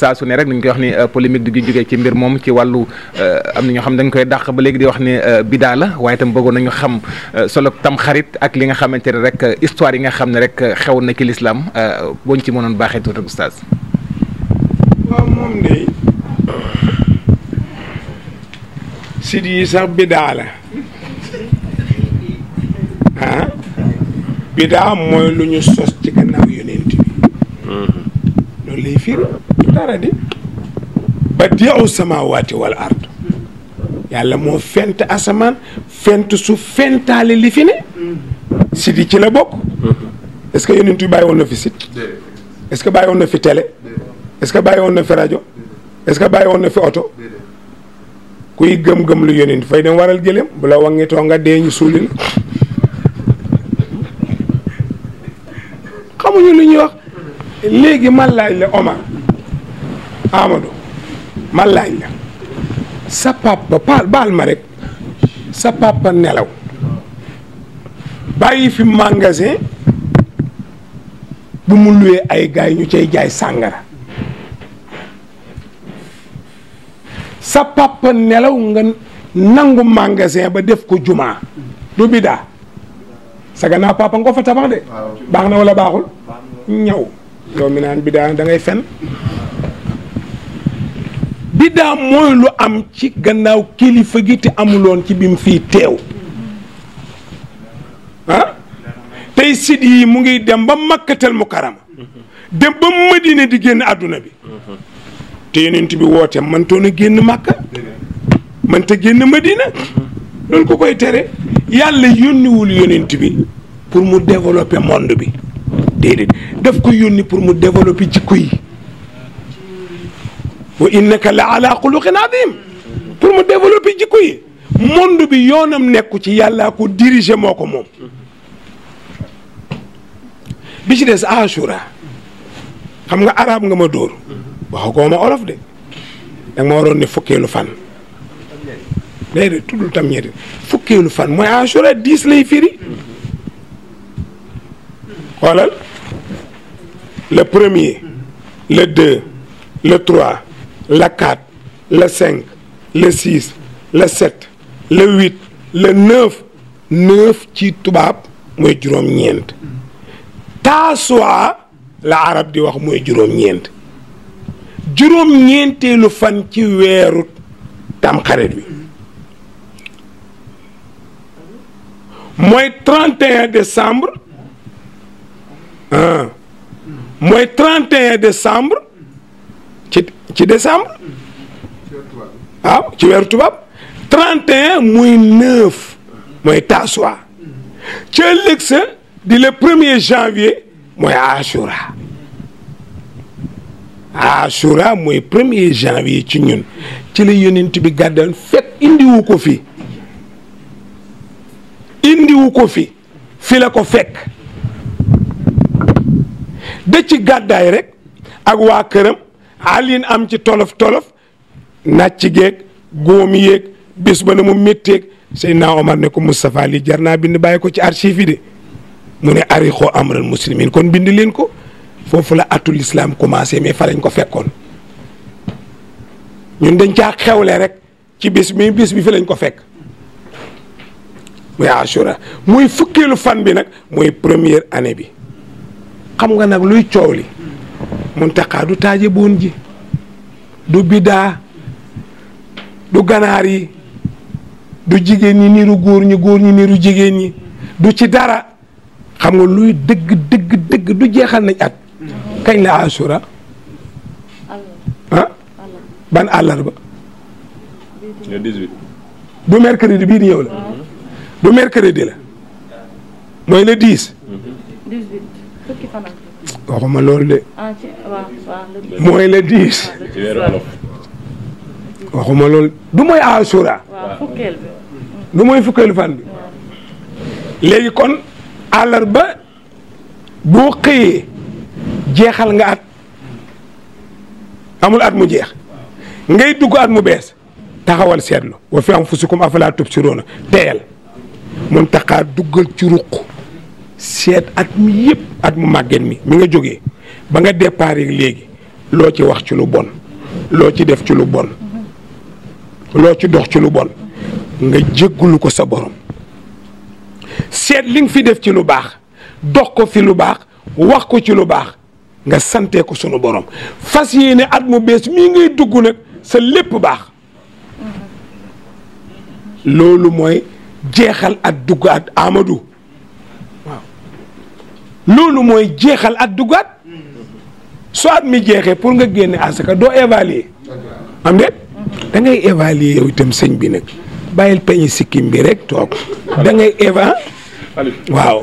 saa su ne koy wax ni euh, polémique di jógee ci mbir moom ci wàllu euh, am na ñoo xam dañ koy dàq ba léegi di wax ni euh, bidaa la waaye itam bëggoon nañu xam solo tam ak li nga xamante ne rek histoire yi nga xam ne rek xew na ci lislaam boñ ci mënoon baaxee tuuti oustaz. waaw moom de sit sax bidaa la ah mooy lu ñu sos ci gannaaw yonent bi mm-hmm. liifiru dara di badiu samawati wal ard yàlla moo fent asamaan fent su fentaale li fi ne si yi ci la bokk est-ce que yonent yi bàyyi woon na fi sit est-ce bàyyi woon na fi télé est que bàyyi woon na fi rajo est-ce que woon na fi oto kuy gëm-gëm lu yonent fay dem waral gëléem bu la wangitoo nga dee ñu suuli la xamuñu lu ñuy wax léegi man laaj la Omar Amadou man laaj la sa papa baal baal ma rek sa papa nelaw bàyyi fi magasin bu mu luwee ay gaay ñu cay jaay sàngara sa papa nelaw nga nangu magasin ba def ko jumaa du biddaa sa gannaaw papa fa tabax de baax na wala baaxul ñaw yow mi naan biddaa da fen biddaa mooy lu am ci gannaaw kilifa gi te amuloon ci bi mu fii teew ah tey sit yi mu ngi dem ba makkatal mu karama dem ba madina di génn àdduna bi te yonent bi woote mëntoon a génn màkka mënta génn madina loolu ko koy tere yàlla yónniwul yonent bi pour mu développer monde bi def daf koy ni pour mu développer jikko yi wa innaka la ala xuluqin adim pour mu développer jikko yi monde bi yoonam nekku ci yàllaa ko diriger moo ko moom bi ci des ashura xam nga arab nga ma dóor waxu ko ma olof de da ma waroon ne fukkeelu fan déedéet tuddul tam ñetti fukkeelu fan mooy ashura dix lay firi xoolal le premier le deux le trois le quatre le cinq le six le sept le huit le neuf neuf ci tubaab mooy juróom-ñeent taasuwaa la arab di wax mooy juróom-ñeent juróom-ñeenteelu fan ci weeru tamxarit bi mooy 31 décembre ah mooy 31 décembre ci ci décembre waaw ah, ci weeru tubaab 31 muy 9 mooy taasuwaa ca ëllëg sa di le premier janvier mooy Ashura Ashura mooy premier janvier ci ñun ci la yonent bi gàddal fekk indiwu ko fi indiwu ko fi fi la ko fekk. da ci gàddaay rek ak waa këram alin am ci tolof tolof nàcc geeg góom yéeg bis ba na mu métteeg naa Omar ne ko Moustapha li jar naa bind bàyyi ko ci archive yi de mu ne arixoo amral muslimin kon bind leen ko foofu la atul islam commencé mais fa lañ ko fekkoon ñun dañ caa xewle rek ci bis bis bi fi lañ ko fekk muy Ashura muy fukkeelu fan bi nag muy première année bi xam nga nag luy coow li Muntaxa du taaje boon ji du bidaa du ganaar yi du jigéen ñi niiru góor ñi góor ñi niiru jigéen ñi du ci dara xam nga luy dëgg dëgg dëgg du jeexal nañ at kañ la asura ah ban àllarba du mercredi bii di ñëw la du mercredi la mooy le 10 fukki fan ak. waxuma loolu de. ah ci mooy le dix. waxuma loolu du mooy asura. du mooy fukkeelu fan bi. léegi kon àllarba boo jeexal nga at amul at mu jeex ngay dugg at mu bees taxawal seetlu wa fi anfusikum afalaa tubsiruuna teeyal mun taxaa duggal ci ruq seet at mi yëpp at mu màgget mi mi nga jógee ba nga départ léegi loo ci wax ci lu bon loo ci def ci lu bon loo ci dox ci lu bon nga jéggulu ko sa borom seet li nga fi def ci lu baax dox ko fi lu baax wax ko ci lu baax nga santee ko sunu borom fas yéene at mu bees mii ngay dugg nag sa lépp baax loolu mooy jeexal at dugg at Amadou loolu mooy jeexal at dugaat soo at mi jeexee pour nga génne asaka doo évaluer am déet da ngay évaluer yow itam bi nag bàyyil peñi sikkim bi rek toog dangay ngay éva waaw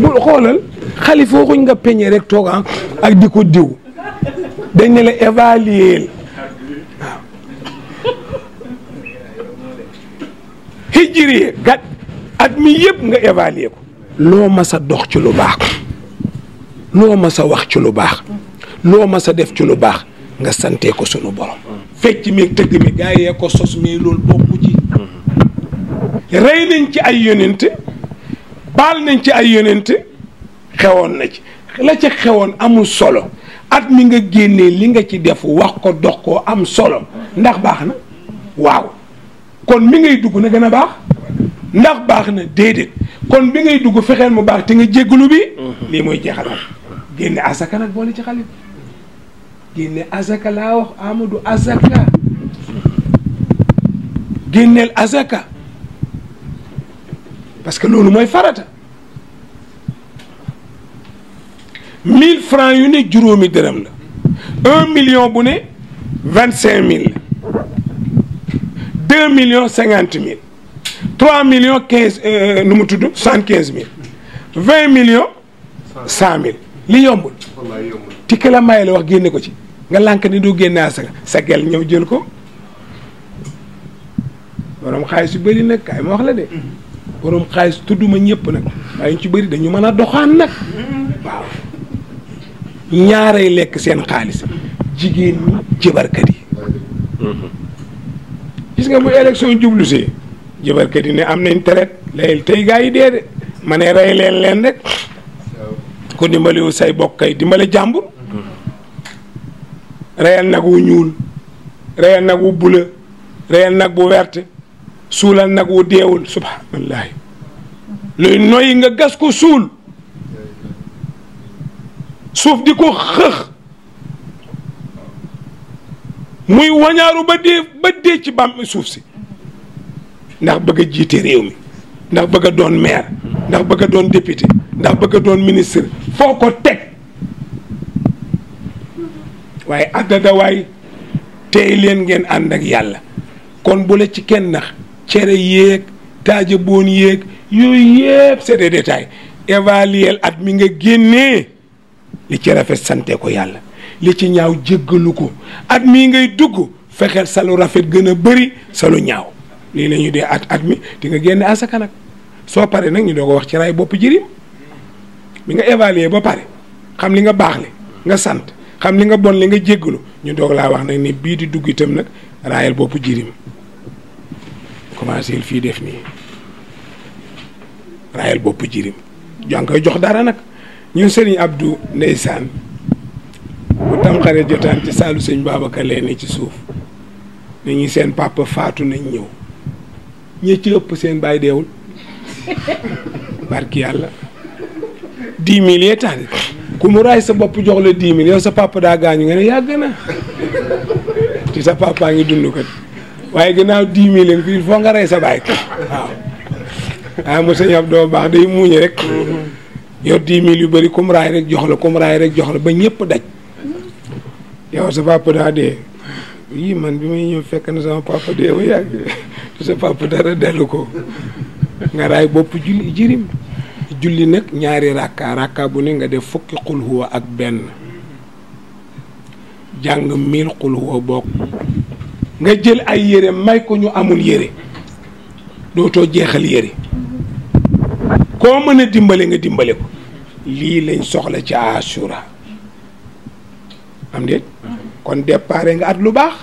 bul xoolal xalifa waxuñ nga peñe rek toog ah, ak di ko diw dañ ne la évaluer waaw hijriye at mi yëpp nga évaluer ko loo mas a dox ci lu baax loo mas a wax ci lu baax loo mas a def ci lu baax nga santee ko sunu borom. fecc mi tëgg mi gaa ko sos mi loolu bokku ci. rey nañ ci ay yonent baal nañ ci ay yonent xewoon na ci la ca xewoon amul solo at mi nga génnee li nga ci defu wax ko dox koo am solo ndax baax na waaw kon mi ngay dugg na gën a baax ndax baax na déedéet. kon bi ngay dugg fexeel mu baax te nga jéggalu bi mm-hmm. lii mooy jeexalaat génne asaka nag boo ci xale bi génne asaka laa wax Amadou asaka génneel asaka parce que loolu mooy farata mille francs yu ne juróomi dërëm la un million bu ne vingt cinq mille la deux millions cinquante mille 3 millions 15 euh, nu mu tudd 75 mille 20 millions 100 mille li yombul. ticket la may la wax génne ko ci nga lànk ni du génnaa sa sa gel ñëw jël ko borom xaalis yu bari nag kaay ma wax la de borom xaalis ma ñëpp nag waaye ñu ci bëri dañu mën a doxaan nag ñaaray lekk seen xaalis jigéen ñi jëbarkat yi. Mm-hmm. gis nga bu élection jublu si jubarkat yi ne am nañ traite layel tey gaa yi dee de ma ne rey leen leen rek ku dimbaliwu say bokk kay dimbale jàmbur reyal nag wu ñuul reyal nag wu bula reyal nag bu werte suulal nag wu deewul subhaanallahi luy noyyi nga gas ko suul suuf di ko xëx muy wañaaru ba dee ba dee ci bam suuf si ndax bëgg a jiite réew mi ndax bëgg doon maire ndax bëgga doon député ndax bëgg a doon ministre foo ko teg waaye addada waay tey leen ngeen ànd ak yàlla kon bu la ci kenn nax cere yéeg taaja boon yéeg yooyu yëpp c'est des détails at mi nga génnee li ci rafet sante ko yàlla li ci ñaaw jéggalu ko at mi ngay dugg fexeel sa lu rafet gën a bëri sa lu ñaaw lii la ñuy dee at at mi di nga génne asaka nag soo paree nag ñu doo ko wax ci ray bopp jërim bi nga évaluer ba pare xam li nga baax li nga sant xam li nga bon li nga jéggalu ñu doog laa wax nag ni bii di dugg itam nag raayal bopp jërim commencé fii def nii raayal bopp jërim yaa ngi koy jox dara nag ñu sëriñ Abdou ndeysaan bu tamxare jotaan ci saalu sëñ Babacar leen ci suuf ni ñuy seen papa faatu nañ ñëw ñi ci ëpp seen bàyyi deewul barki yàlla dix yee tax ku raay sa bopp jox la dix mille sa papa daa gaañu nga ne yàgg na ci sa papa ngi dund kat waaye gannaaw dix mille yi il faut nga rey sa ah, yu bari kum raay rek jox la kum raay rek jox la ba ñëpp daj yow sa papa daa dee yii man bi may ñëw fekk na sama papa dee ba yàgg. sa papa dara dellu ko nga raay bopp julli jirim julli nag ñaari rakka rakka bu ne nga def fukki xul ak benn jàng mil xul bokk nga jël ay yére may ko ñu amul yére dootoo jeexal yére koo mën a dimbale nga dimbale ko lii lañ soxla ci asura am déet kon déparé nga at lu baax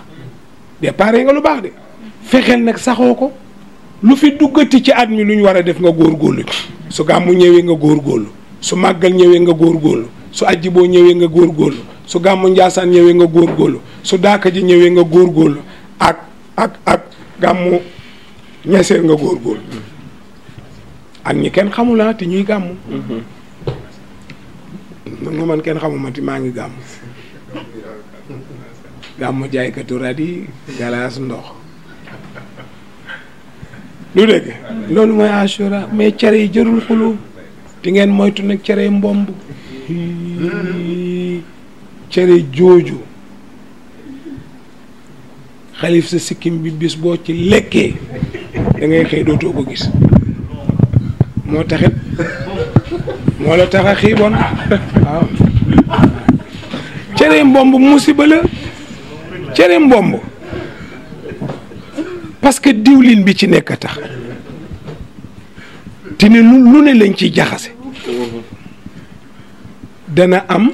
déparé nga lu baax de fexeel nag saxoo ko lu fi duggati ci at mi lu ñu war a def nga góorgóorlu su gàmmu ñëwee nga góorgóorlu su màggal ñëwee nga góorgóorlu su ajji boo ñëwee nga góor góorgóorlu su gàmmu njaasaan ñëwee nga góorgóorlu su daaka ji ñëwee nga góor góorlu ak ak ak gàmmu ñeseen nga góorgóorlu ak ñi kenn xamula ah te ñuy gàmmu man mm-hmm. nga man kenn xamuma te maa ngi gàmmu gàmmu jaaykatu radi galaas ndox lu dégg loolu mooy assura mais cere yi jërul xuloo di ngeen moytu nag cere mbomb cere jooju xalif sa sikkim bi bis boo ci lekkee dangay ngay xëy dootoo ko gis moo taxit moo la tax a xiiboon waaw cere mbomb musiba la cere mbomb parce que diwlin bi ci nekk tax te lu lu ne lañ ciy jaxase dana am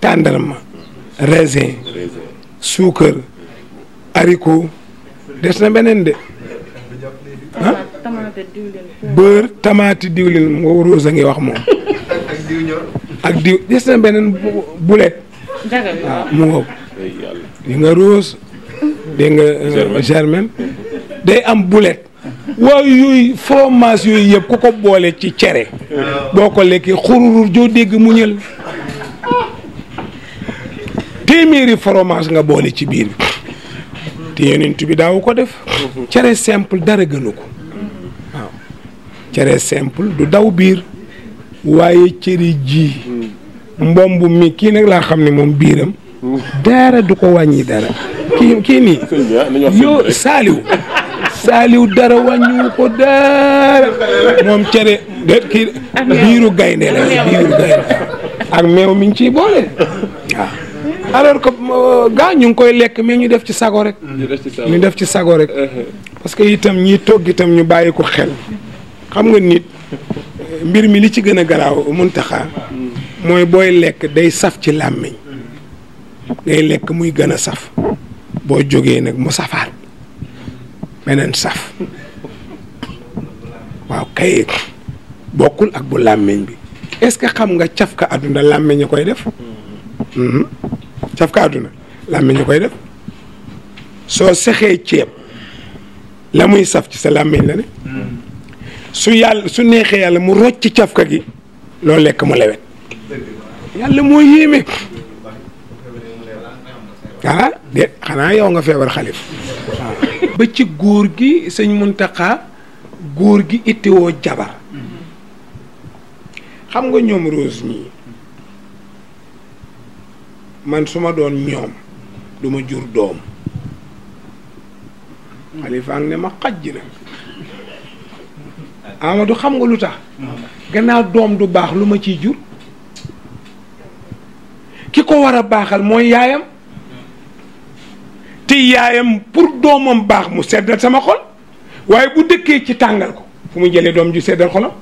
tàndarma raisin suukar haricot des na beneen de ah beurre tamaate diwlin moo rose a ngi wax moom ak diw des na beneen bulet mu ngoog li nga rose dégg nga euh, germaine day am bulet waaw yooyu fromage yooyu yëpp ku ko boole ci cere ah. boo ko lekkee xururur joo dégg mu ñël téeméeri fromage nga boole ci biir bi te yonent bi daawu ko def mhm. cere simple dara gënu ko waaw cere simple du daw biir waaye cere ji mhm. mbomb mi kii nag laa xam ne moom biiram mhm. dara du ko wàññi dara kii kii nii. yow saaliw saaliw dara wàññiwu ko dara moom cere de kii biiru gaynde la biiru gaynde ak meew miñ ciy boole waaw. alors que euh, gaa ñu ngi koy lekk mais ñu def ci sago rek. ñu def ci sago rek. parce que itam ñiy togg itam ñu bàyyi ko xel xam nga nit mbir mi li ci gën a garaaw muntaxaa mooy booy lekk day saf ci làmmiñ ngay lekk muy gën a saf. boo jógee nag mu safaat beneen saf waaw kay bokkul ak bu làmmiñ bi est-ce que xam nga cafka àdduna làmmiñ a koy def mhm. caf àdduna làmmiñ koy def soo sexee ceeb la muy saf ci sa làmmiñ la ne su yàlla su neexee yàlla mu rocc caf ka gi loo lekk mu lewet yàlla moo yéeme ah de xanaa yow nga feebar xalif ba ci góor gi sëñ Muntaxa góor gi ittiwoo jabar xam nga ñoom Rose ñii man su doon ñoom du jur doom xalifaa ngi ne ma xajj na Amadou xam nga lu tax gannaaw doom du baax lu ma ciy jur ki ko war a baaxal mooy yaayam te yaayam pour doomam baax mu seddal sama xol waaye bu dëkkee ci tàngal ko fu muy jëlee doom ju seddal xolam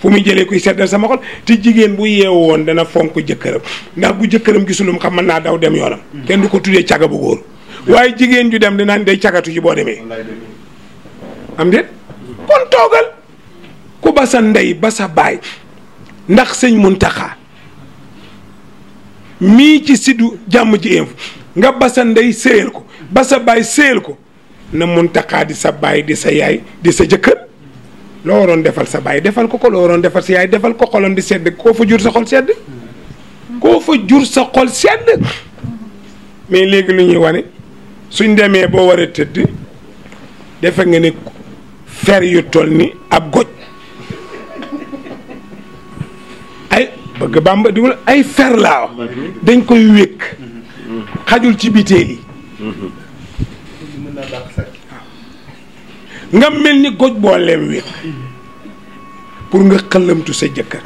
fu muy jëlee kuy seddal sama xol te jigéen bu woon dana fonk jëkkëram ndax bu jëkkëram gisulum xam mën naa daw dem yoonam. kenn du ko tuddee caga bu góor. waaye jigéen ju dem dinaan day cagatu ci boo demee. am déet kon toogal ku ba sa ndey ba sa baay ndax sëñ Muntaxa mii ci siddu jàmm ji info nga ba sa ndey séyal ko ba sa baay séyal ko na mun Muntaxa di sa baay di sa yaay di sa jëkkër loo waroon defal sa baay defal ko ko loo waroon defal sa yaay defal ko xolam di sedd koo fa jur sa xol sedd koo fa jur sa xol sedd mais léegi lu ñuy wane suñ demee boo war a tëdd defe nga ne fer yu toll ni ab goj ay bëgg bàmba diwul ay fer laa dañ koy wékk xajul ci biteel yi nga mel ni goj booleem wi pour nga xëlëmtu sa jëkkër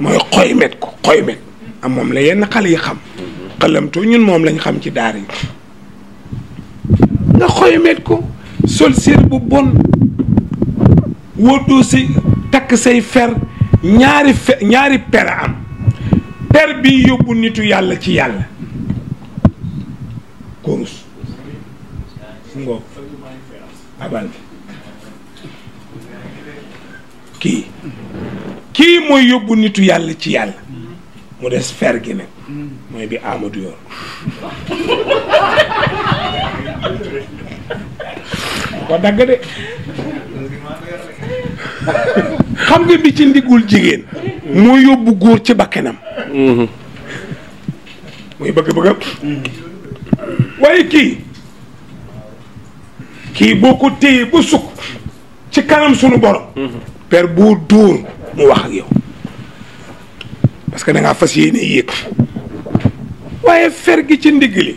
mooy xoymet ko xoymet am moom la yenn xale yi xam xëlëmtu ñun moom lañ xam ci daar yi nga xoymet ko sol séer bu bon wóotoo si takk say fer ñaari fe ñaari pera am per bi yóbbu nitu yàlla ci yàlla kóorus kii kii mooy yóbbu nitu yàlla ci yàlla mu des fer gi nag mooy bi Amadou yor ko dagg de xam nga bi ci ndigul jigéen moo yóbbu góor ci bakkanam Mm-hmm. muy bëgg-bëggam waaye kii kii boo ko téye ba sukk ci kanam sunu borom mm-hmm. per bu dóor mu wax ak yow parce que da ngaa fas yéene yéeg waaye fer gi ci ndigg li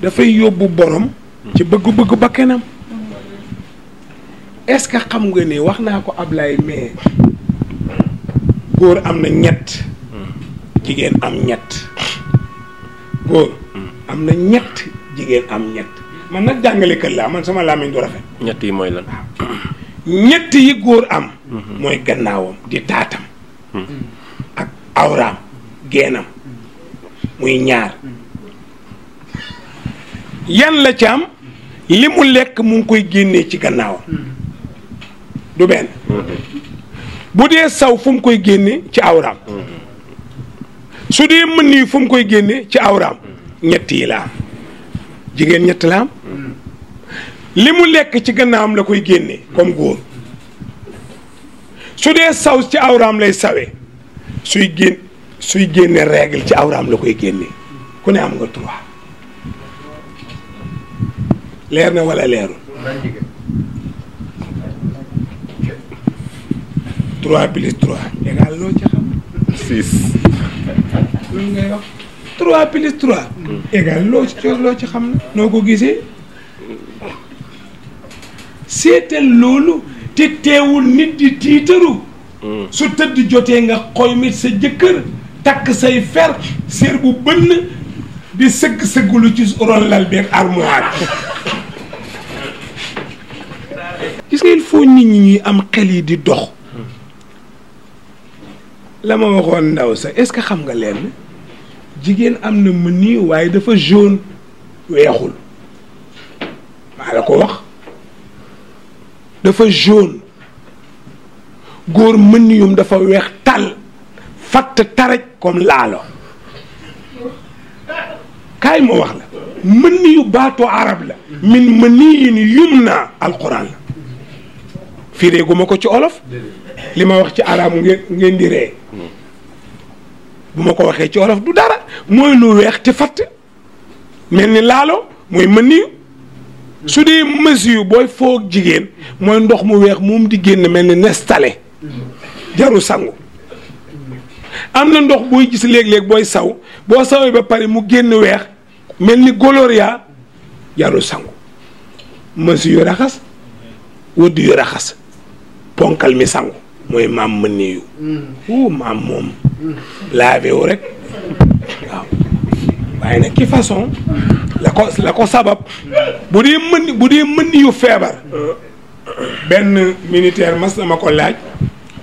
dafay yóbbu borom ci bëgg-bëgg bakkanam est-ce que xam nga ni wax naa ko ab lay mais góor am na ñett jigéen am ñett góor am na ñett jigéen am ñett man nag jàngale laa man sama làmmiñ du rafet ñett yi góor am mooy gannaawam di taatam ak awraam geenam muy ñaar yan la ci am li mu lekk mu ngi koy génnee ci gannaawam du benn bu dee saw fu mu koy génne ci awraam su dee mën yi fu mu koy génne ci awraam ñett yi la am jigéen ñetti la am li mu lekk ci gannaawam la koy génne comme góor su dee saw ci awraam lay sawe suy génn suy génne règle ci awraam la koy génne ku ne am nga trois leer na walla leerul trois plus trois égal loo ci xam. loo ci xam na noo ko gisee seetal loolu te teewul nit di tiitaru. Hmm. su tëdd jotee nga xoy mit sa jëkkër takk say fer séer bu bënn di sëgg sëggulu ci ron lal beeg armoire. gis nga nit ñi ñuy am xel yi di dox. la ma waxoon ndaw sa est-ce xam nga lenn jigéen am na mën nii waaye dafa jaune weexul maa la ko wax dafa jaune góor mëniyum dafa weex tàll fatt taraj comme laalo kaay ma wax la mëniyu baatu arab la min mëniyin yum naa alquran la firéeguma ko ci olof li ma wax ci araamu ngeen ngéen di ree bu ma ko waxee ci olof du dara mooy lu weex te fatt mel ni laalo muy mooy mëniyu su dee mësiyu booy foog jigéen mooy ndox mu weex moom di génn mel ni nestale jaru sangu am na ndox booy gis léeg-léeg booy saw boo sawee ba pare mu génn weex mel ni goloria jaru sangu mësiyu raxas wëdd yu raxas ponkal mi sangu mooy maam ma néew. Mm. maam moom. laabe wu rek waaw waaye nag ki façon la ko la ko sabab bu dee mën bu dee mën yu feebar. benn militaire mas na ko laaj.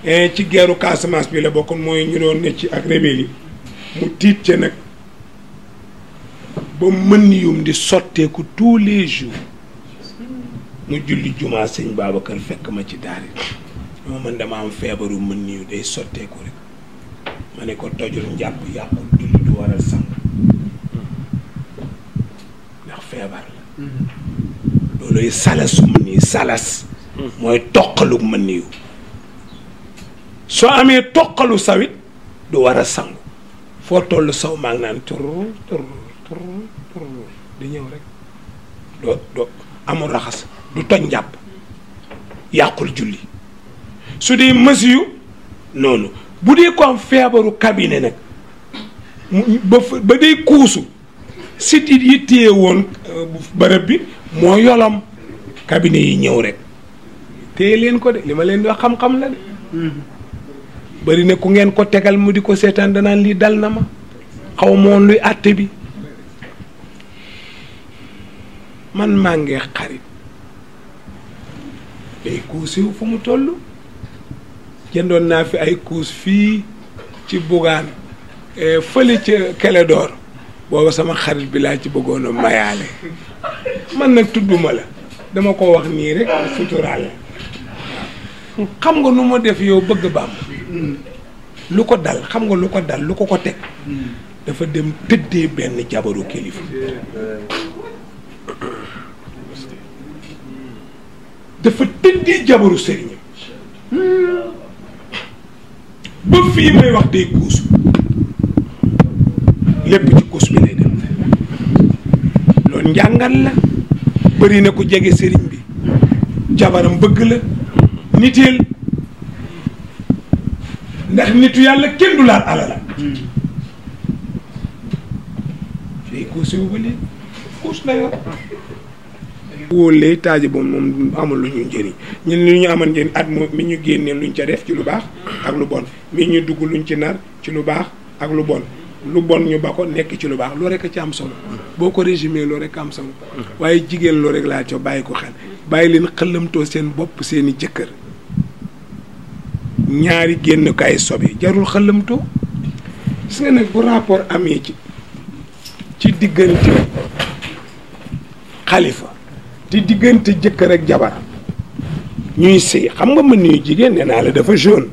Eh, ci geeru Casamance bi la bokkoon mooy ñu doon ne ci ak rebelle yi mu tiit ca nag ba mën yum di sotteeku tous les jours mu julli jumaa sëñ Babacar fekk ma ci daari moo man dama am feebaru mën nii day sotteeku rek ma ne ko tojul njàpp yàqul julli du waral sang ndax mooy toqalu amee toqalu sawit du war a sangu foo toll saw maa naan tur tur tur di ñëw rek doo doo amul raxas du toj njàpp yàqul julli su dee masiyu loolu bu dee ko am feebaru cabinet nag ba ba day kuusu sitit yi téye woon euh, bërëb bi moo yolom cabinet yi ñëw rek téye leen ko de li ma leen di xam-xam la de mm-hmm. bëri na ku ngeen ko tegal mu di ko seetaan danaan lii dal na ma xaw moon luy àtte bi man maa ngi xarit day kuusiw fu mu toll jëndoon naa fi ay couches fii ci Bougane e, fële ca Kélédor booba sama xarit bi laa ci bëggoon mayaale man nag tudduma la dama ko wax nii rek suturaale xam nga nu ma def yow bëgg Bàmb lu ko dal xam nga lu ko dal lu ko ko teg dafa dem tëddee benn jabaru kilifa dafa tëddee jabaru sëriñam ba fii may wax tey kuus lépp ci kuus bi lay dem loolu njàngal la bëri na ko jege sëriñ bi jabaram bëgg la niteel ndax nitu yàlla kenn du laal alala tey kuus yu ba léegi kuus la yor wóolee taaje boobu moom amul lu ñu njëriñ ñun li ñu amal njëriñ at mi ñu génnee ñu ca def ci lu baax ak lu bon mi ñu dugg luñ ci nar ci lu baax ak lu bon lu bon ñu ba ko nekk ci lu baax loo rek ci am solo boo ko résumé loo rek am solo waaye jigéen loo rek laa ca bàyyi ko xel bàyyi leen xëlamtoo seen bopp seeni jëkkër ñaari génnukaay sobe jarul xëlamtoo gis nga nag bu rapport amee ci ci diggante xalifa te diggante jëkkër ak jabar ñuy sëy xam nga mën nañu jigéen nee naa la dafa jeune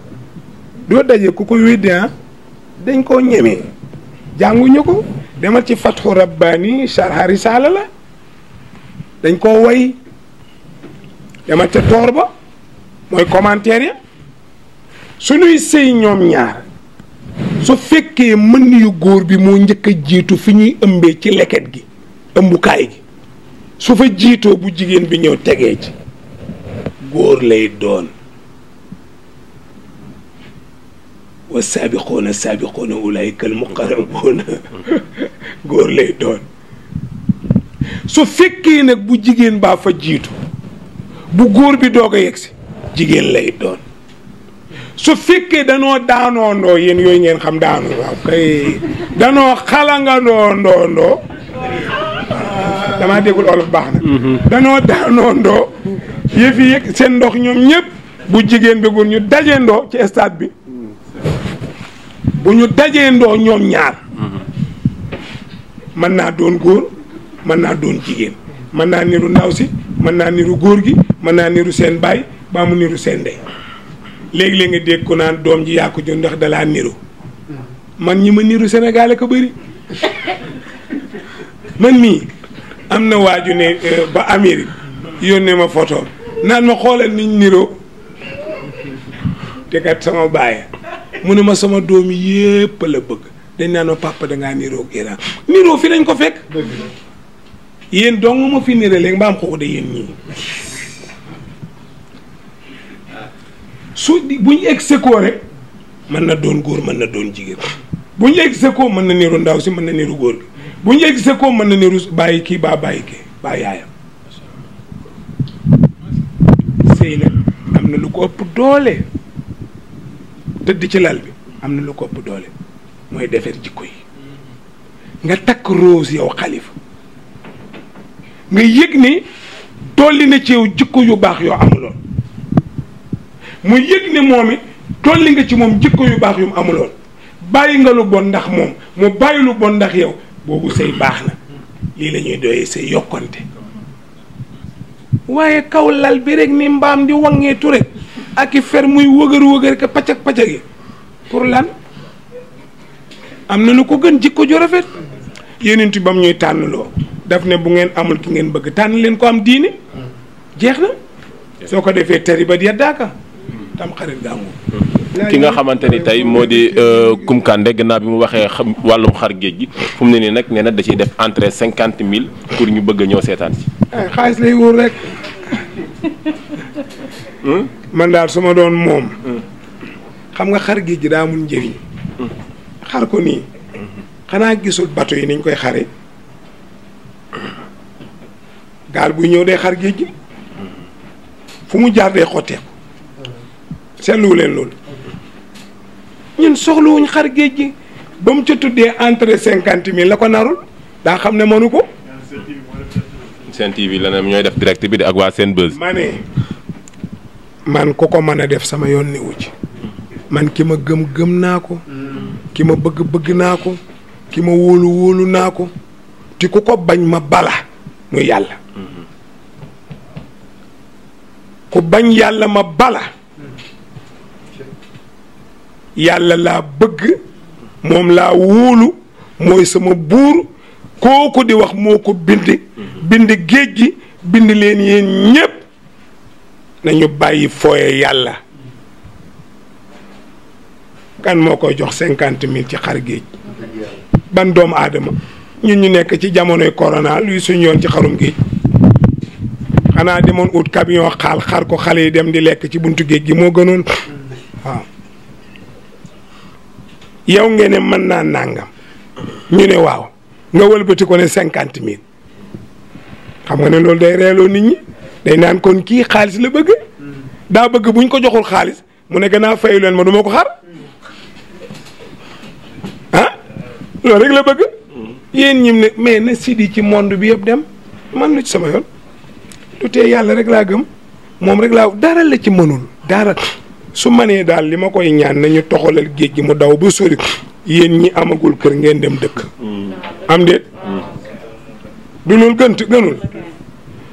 doo daje ku ko weddi ah? dañ koo ñemee jànguñu ko demal ci fatxu rabbaani sharha risaala la dañ koo way demal ca toor ba mooy commentaire ya suñuy sëy ñoom ñaar su fekkee mën yu góor bi moo njëkk jiitu fi ñuy ëmbee ci leket gi ëmbukaay gi su fa jiitoo bu jigéen bi ñëw tegee ci góor lay doon wa saabiqoona saabiqoona ulaayika al muqarrabuuna góor lay doon su fekkee nag bu jigéen baa fa jiitu bu góor bi doog a yegsi jigéen lay doon su fekkee danoo daanoo ndoo yéen yooyu ngeen xam daanoo waaw kay danoo xala ndoo ndoo damaa déggul olof baax na danoo daanoondoo yëf yi seen ndox ñoom ñëpp bu jigéen bi góor ñu dajeendoo ci stade bi bu ñu dajeendoo ñoom ñaar mën naa doon góor mën naa doon jigéen mën naa niru ndaw si mën naa niru góor gi mën naa niru seen baay baa mu niru seen ndey léegi-léeg nga dégg ko naan doom ji yaa ko ndax dalaa niru man ñi ma niru Sénégal ko bëri man mii am na waaju ne euh, ba Amérique yónnee ma photo naan ma xoolal niñ niroo te kat sama baay mu ne ma sama doom yépp la bëgg dañ naan ma papa dangaa niroo ak Iran niroo fi dañ ko fekk yéen dong ma fi niroo léegi mbaam xoox de yéen ñii su bu ñu egg sekoo rek mën na doon góor mën na doon jigéen bu ñu egg sekoo mën na niru ndaw si mën na niru góor gi bu ñu egsee ko mën na ni rus bàyyi kii baa bàyyi kii baa yaayam sëy nag am na lu ko ëpp doole tëdd ci lal bi am na lu ko ëpp doole mooy defar jikko yi nga takk rose yow xalifa nga yëg ni dolli na ci yow jikko yu baax yoo amuloon mu yëg ni moom it dolli nga ci moom jikko yu baax yu mu amuloon bàyyi nga lu bon ndax moom mu bàyyi lu bon ndax yow boobu sëy baax na lii la ñuy sëy yokkante waaye kaw lal bi rek ni mbaam di wangeetu rekk ak i fer muy wëgër wëgër ka pacak pacak yi pour lan am na nu ko gën jikko ju rafet yéenentu ba mu ñuy tànnloo daf ne bu ngeen amul ki ngeen bëgg tànn leen ko am diine jeex na soo ko defee tari ba yaddaaka tam xarit gaangu ki nga xamante ni tey moo di euh, Kounkandé gannaaw bi mu waxee xam wàllum xar géej gi fu mu ne nii nag nee na da ciy def entrée cinquante mille pour ñu bëgg ñëw seetaan ci. Eh, xaalis lay wóor hmm? man daal su doon moom. Hmm. xam nga xar géej gi daa hmm. ko nii. xanaa gisul bato yi niñ koy xare gaal buy ñëw day xar géej fu mu jaar day xotteeku seetlu leen loolu. ñun soxlawuñ xar géej gi ba mu ca tuddee entrée cinquante mille la ko narul daa xam ne mënu ko. seen TV la ne ñooy def direct bi de ak waa seen buzz. ma ne man ku ko mën a def sama yoon newu ci man ki ma gëm gëm naa ko. ki ma bëgg bëgg naa ko. ki ma wóolu wóolu naa ko. ti ku ko bañ ma bala muy yàlla. Mm-hmm. ku bañ yàlla ma bala. yàlla laa bëgg moom laa wóolu mooy sama buur kooku di wax moo ko bind bind géej gi bind leen yéen ñépp nañu bàyyi fooye yàlla kan moo koy jox cinquante mille ci xar géej ban doomu aadama ñu ñu nekk ci jamonoy corona luy suñu yoon ci xarum géej xanaa demoon ut camion xaal xar ko xale yi dem di lekk ci buntu géej gi moo gënoon waaw yow ngeen ne mën naa nangam ñu ne waaw nga wëlbati ko ne cinquante mille xam nga ne loolu day reeloo ni ñi day naan kon kii xaalis la bëgg daa bëgg buñ ko joxul xaalis mu ne gannaaw fayu leen ma du ma ko xar ah loolu rek la bëgg yéen ñim ne mais na sidi ci monde bi yëpp dem man lu ci sama yoon du tee yàlla rek laa gëm moom rek laa dara la ci mënul dara su ma daal li ma koy ñaan nañu toxalal géej gi mu daw ba sori yéen ñi amagul kër ngeen dem dëkk. am déet du loolu gënt gënul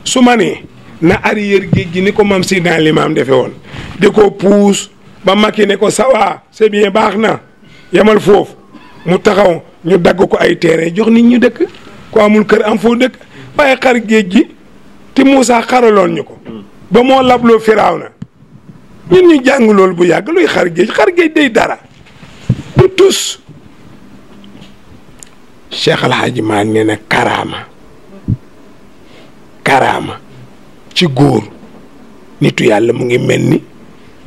su ma nee na arrière géej gi ni ko mam si daan li maam defe woon di ko puus ba makki ne ko ça va c'est bien baax na yamal foofu mu taxaw ñu dagg ko ay terrain jox nit ñu dëkk ko amul kër am foo dëkk waaye xar géej gi te Moussa xaraloon ñu ko ba moo labloo na ñun ñu jàng loolu bu yàgg luy xar géej xar géej dara du tus Cheikh Al Hadj Mal nee karaama karaama ci góor nitu yàlla mu ngi mel ni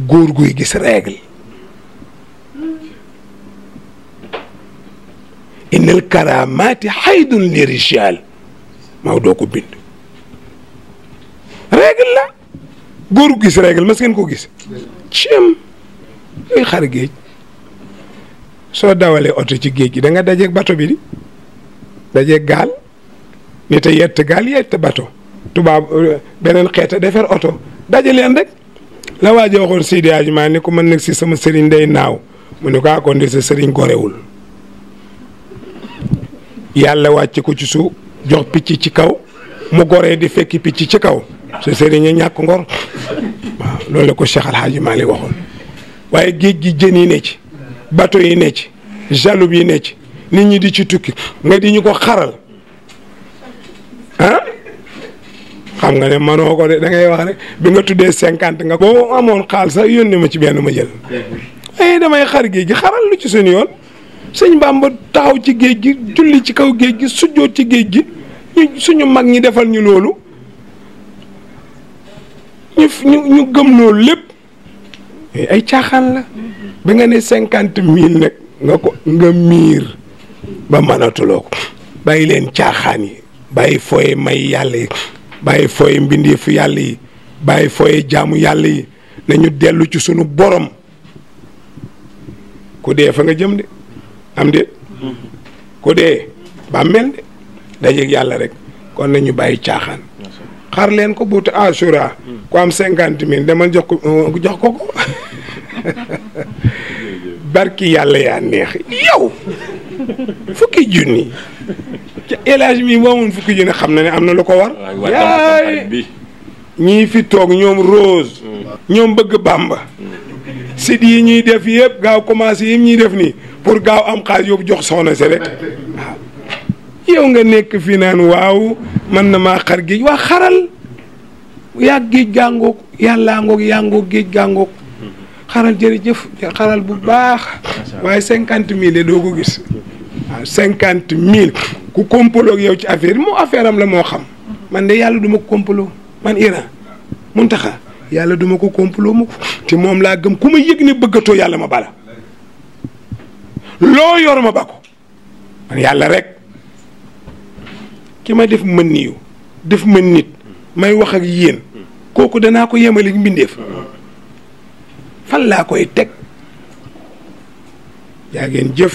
góor guy gis règle innal karaamaati xaydun li rijaal Maodo ko bind règle la góor gis régal ma ngeen ko gis ciem yooyu xar géej soo dawalee oto ci géej gi danga nga bato bi di dajeeg gaal ni te yett gaal yett bato tubaab beneen xeeta defar oto daje leen rek la waajo waxoon Seydi Hadji Malick ni ko mën nag si sama sëriñ day naaw mu ne ko akoon ah, di sa sëriñ gorewul yàlla wàcce ko ci suuf jox picc ci kaw mu goree di fekki picc ci kaw sa sëriñ a ñàkk ngor waaw loolu la ko Cheikh Al Hadj Malick waxoon waaye géej gi jën yi ne ci bato yi ne ci jalub yi ne ci nit ñi di ci tukki nga di ñu ko xaral ah xam nga ne manoo ko de da ngay wax rek bi nga tuddee cinquante nga. boo amoon xaal sax yónni ma ci benn ma jël. eh damay xar géej gi xaral lu ci seen yoon sëñ Bamba taxaw ci géej gi julli ci kaw géej gi sujjoot ci géej gi suñu mag ñi defal ñu loolu. ñu ñu ñu gëm loolu lépp ay caaxaan la bi nga ne cinquante mille nag nga ko nga miir ba mënatuloo ko bàyyi leen caaxaan yi bàyyi fooye may yàlla yi bàyyi fooye mbindeefu yàlla yi bàyyi fooye jaamu yàlla yi nañu dellu ci sunu borom ku dee fa nga jëm de am de mm-hmm. ku dee bàmmeel de dajeeg yàlla rek kon ñu bàyyi caaxaan xar leen ko buutu sura ko am cinquante mille demal jox ko euh, jox ko barki yàlla yaa neex yow fukki junni ca élage mi moomun fukki junni xam na ne am na lu ko war yaay ñii fi toog ñoom rose mm. ñoom bëgg bàmba mm. sit yi ñuy def yëpp gaaw commencé yi ñuy def nii pour gaaw am xaalis yóbbu jox soxna si rek yow nga nekk fii naan waaw man na maa xar géej waa xaral yaa géej gàngoog yàllaa ngoog yaa ngoog géej gàngoog xaral jërëjëf xaral bu baax waaye cinquante mille de doo ko gis waaw cinquante ku kompaloog yow ci affaire moo affaire am la moo xam man de yàlla duma ko kompaloo man Iran yàlla duma ko kompaloo moom laa gëm ku ma yëg ne bëggatoo yàlla ma bala loo yor ma ba man yàlla rek ki ma def mën niiw def mën nit may wax ak yéen kooku danaa ko yemale mbindeef fan laa koy teg yaa ngeen jëf